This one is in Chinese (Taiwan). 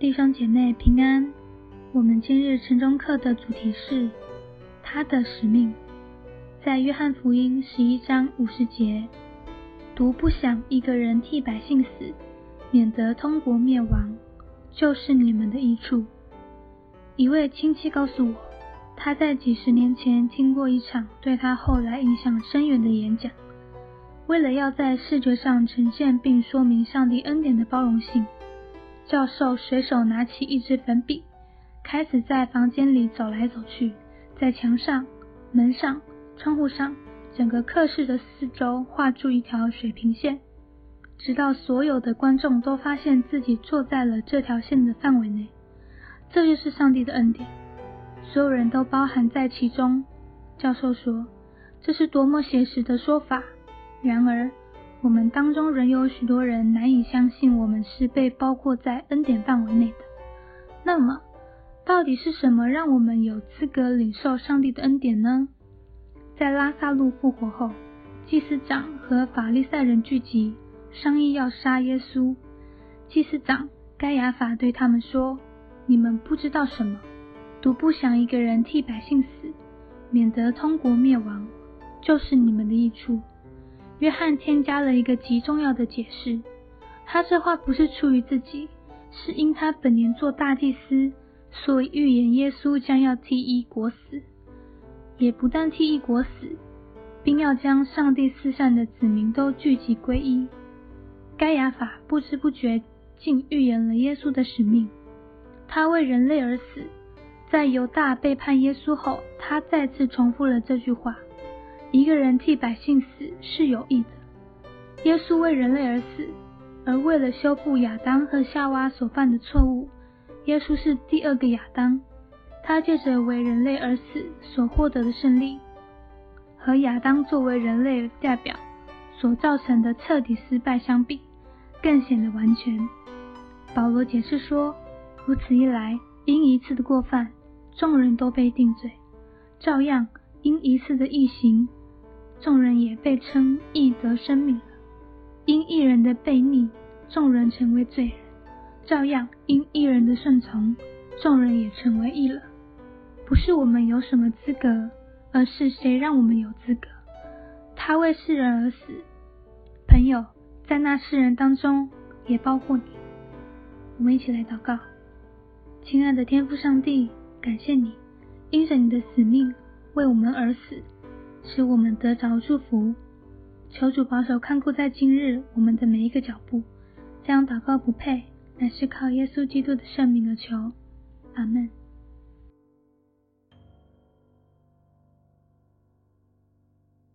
弟兄姐妹平安，我們今日晨鐘課的主題是祂的使命。在約翰福音十一章五十節，獨不想一個人替百姓死，免得通國滅亡，就是你們的益處。一位親戚告訴我，他在幾十年前聽過一場對他後來影響深遠的演講，為了要在視覺上呈現並說明上帝恩典的包容性。教授隨手拿起一支粉筆，開始在房間裡走來走去，在牆上、門上、窗戶上，整個課室的四周畫出一條水平線，直到所有的觀眾都發現自己坐在了這條線的範圍內。這就是上帝的恩典，所有人都包含在其中。教授說：“這是多麼寫實的說法！”然而。我們當中仍有許多人難以相信，我們是被包括在恩典範圍內的。那麼，到底是什麼讓我們有資格領受上帝的恩典呢？在拉撒路復活後，祭司長和法利賽人聚集，商議要殺耶穌。祭司長該亞法對他們說：“你們不知道什麼，獨不想一個人替百姓死，免得通國滅亡，就是你們的益處。”約翰添加了一個極重要的解釋，他這話不是出於自己，是因他本年做大祭司，所以預言耶穌將要替一國死，也不但替一國死，並要將上帝四散的子民都聚集歸一。該亞法不知不覺竟預言了耶穌的使命，他為人類而死。在猶大背叛耶穌後，他再次重複了這句話。一個人替百姓死是有益的。耶穌為人類而死，而為了修復亞當和夏娃所犯的錯誤，耶穌是第二個亞當。他借着為人類而死所獲得的勝利，和亞當作為人類代表所造成的徹底失敗相比，更顯得完全。保羅解釋說：如此一來，因一次的過犯，眾人都被定罪；照樣，因一次的義行，眾人也被稱義得生命了，因一人的悖逆，眾人成為罪人；照樣，因一人的順從，眾人也成為義了。不是我們有什麼資格，而是誰讓我們有資格？他為世人而死，朋友，在那世人當中也包括你。我們一起來禱告，親愛的天父上帝，感謝你因着你的使命為我們而死。使我們得着祝福，求主保守看顧在今日我們的每一個腳步。這樣禱告不配，乃是靠耶穌基督的聖名而求。阿門。